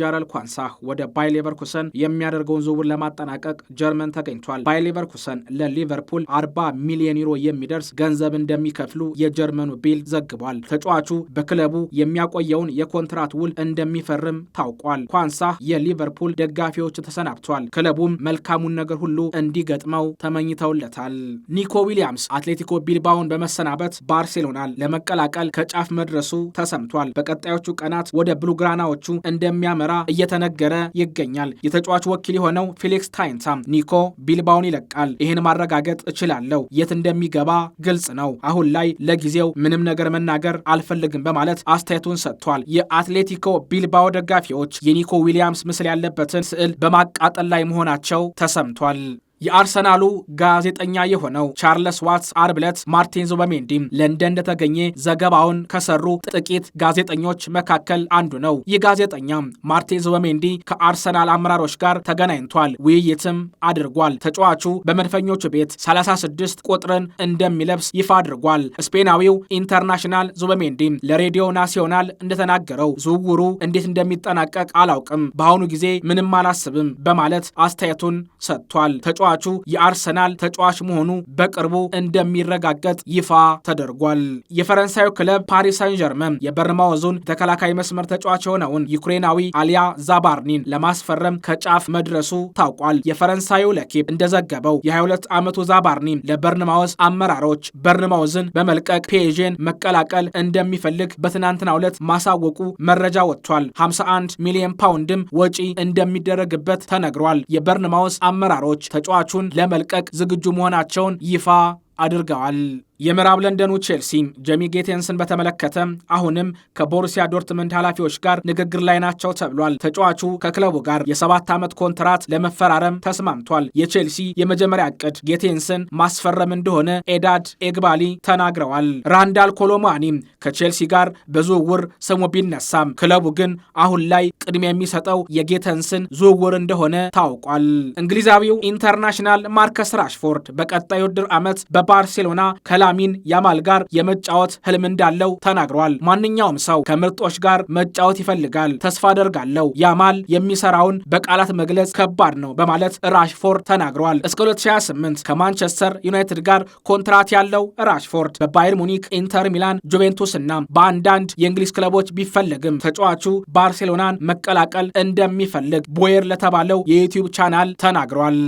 ጃረል ኳንሳ ወደ ባይ ሌቨርኩሰን የሚያደርገውን ዝውውር ለማጠናቀቅ ጀርመን ተገኝቷል። ባይ ሌቨርኩሰን ለሊቨርፑል 40 ሚሊዮን ዩሮ የሚደርስ ገንዘብ እንደሚከፍሉ የጀርመኑ ቢልድ ዘግቧል። ተጫዋቹ በክለቡ የሚያቆየውን የኮንትራት ውል እንደሚፈርም ታውቋል። ኳንሳ የሊቨርፑል ደጋፊዎች ተሰናብቷል። ክለቡም መልካሙን ነገር ሁሉ እንዲገጥመው ተመኝተውለታል። ኒኮ ዊሊያምስ አትሌቲኮ ቢልባውን በመሰናበት ባርሴሎናል ለመቀላቀል ከጫፍ መድረሱ ተሰምቷል። በቀጣዮቹ ቀናት ወደ ብሉግራናዎቹ እንደሚያ እንደሚያመራ እየተነገረ ይገኛል። የተጫዋች ወኪል የሆነው ፌሊክስ ታይንሳም ኒኮ ቢልባውን ይለቃል፣ ይህን ማረጋገጥ እችላለሁ፣ የት እንደሚገባ ግልጽ ነው፣ አሁን ላይ ለጊዜው ምንም ነገር መናገር አልፈልግም በማለት አስተያየቱን ሰጥቷል። የአትሌቲኮ ቢልባኦ ደጋፊዎች የኒኮ ዊሊያምስ ምስል ያለበትን ስዕል በማቃጠል ላይ መሆናቸው ተሰምቷል። የአርሰናሉ ጋዜጠኛ የሆነው ቻርለስ ዋትስ አርብ ዕለት ማርቲን ዙበሜንዲም ለንደን እንደተገኘ ዘገባውን ከሰሩ ጥቂት ጋዜጠኞች መካከል አንዱ ነው። ይህ ጋዜጠኛ ማርቲን ዙበሜንዲ ከአርሰናል አመራሮች ጋር ተገናኝቷል፣ ውይይትም አድርጓል። ተጫዋቹ በመድፈኞቹ ቤት 36 ቁጥርን እንደሚለብስ ይፋ አድርጓል። ስፔናዊው ኢንተርናሽናል ዙበሜንዲ ለሬዲዮ ናሲዮናል እንደተናገረው ዝውውሩ እንዴት እንደሚጠናቀቅ አላውቅም፣ በአሁኑ ጊዜ ምንም አላስብም በማለት አስተያየቱን ሰጥቷል። ተጫዋቹ የአርሰናል ተጫዋች መሆኑ በቅርቡ እንደሚረጋገጥ ይፋ ተደርጓል። የፈረንሳዩ ክለብ ፓሪስ ሳን ጀርመን የበርማወዙን ተከላካይ መስመር ተጫዋች የሆነውን ዩክሬናዊ አሊያ ዛባርኒን ለማስፈረም ከጫፍ መድረሱ ታውቋል። የፈረንሳዩ ለኪፕ እንደዘገበው የ22 ዓመቱ ዛባርኒን ለበርንማውዝ አመራሮች በርንማውዝን በመልቀቅ ፔዥን መቀላቀል እንደሚፈልግ በትናንትናው ዕለት ማሳወቁ መረጃ ወጥቷል። 51 ሚሊዮን ፓውንድም ወጪ እንደሚደረግበት ተነግሯል። የበርንማውዝ አመራሮች ተጫዋ ተጫዋቹን ለመልቀቅ ዝግጁ መሆናቸውን ይፋ አድርገዋል። የምዕራብ ለንደኑ ቼልሲ ጀሚ ጌቴንስን በተመለከተ አሁንም ከቦሩሲያ ዶርትመንድ ኃላፊዎች ጋር ንግግር ላይ ናቸው ተብሏል። ተጫዋቹ ከክለቡ ጋር የሰባት ዓመት ኮንትራት ለመፈራረም ተስማምቷል። የቼልሲ የመጀመሪያ እቅድ ጌቴንስን ማስፈረም እንደሆነ ኤዳድ ኤግባሊ ተናግረዋል። ራንዳል ኮሎማኒም ከቼልሲ ጋር በዝውውር ስሙ ቢነሳም ክለቡ ግን አሁን ላይ ቅድሚያ የሚሰጠው የጌተንስን ዝውውር እንደሆነ ታውቋል። እንግሊዛዊው ኢንተርናሽናል ማርከስ ራሽፎርድ በቀጣዩ ውድድር ዓመት በባርሴሎና ከላ ላሚን ያማል ጋር የመጫወት ህልም እንዳለው ተናግሯል። ማንኛውም ሰው ከምርጦች ጋር መጫወት ይፈልጋል፣ ተስፋ አደርጋለሁ። ያማል የሚሰራውን በቃላት መግለጽ ከባድ ነው በማለት ራሽፎርድ ተናግሯል። እስከ 2028 ከማንቸስተር ዩናይትድ ጋር ኮንትራት ያለው ራሽፎርድ በባየር ሙኒክ፣ ኢንተር ሚላን፣ ጁቬንቱስ እና በአንዳንድ የእንግሊዝ ክለቦች ቢፈለግም ተጫዋቹ ባርሴሎናን መቀላቀል እንደሚፈልግ ቦየር ለተባለው የዩቲዩብ ቻናል ተናግሯል።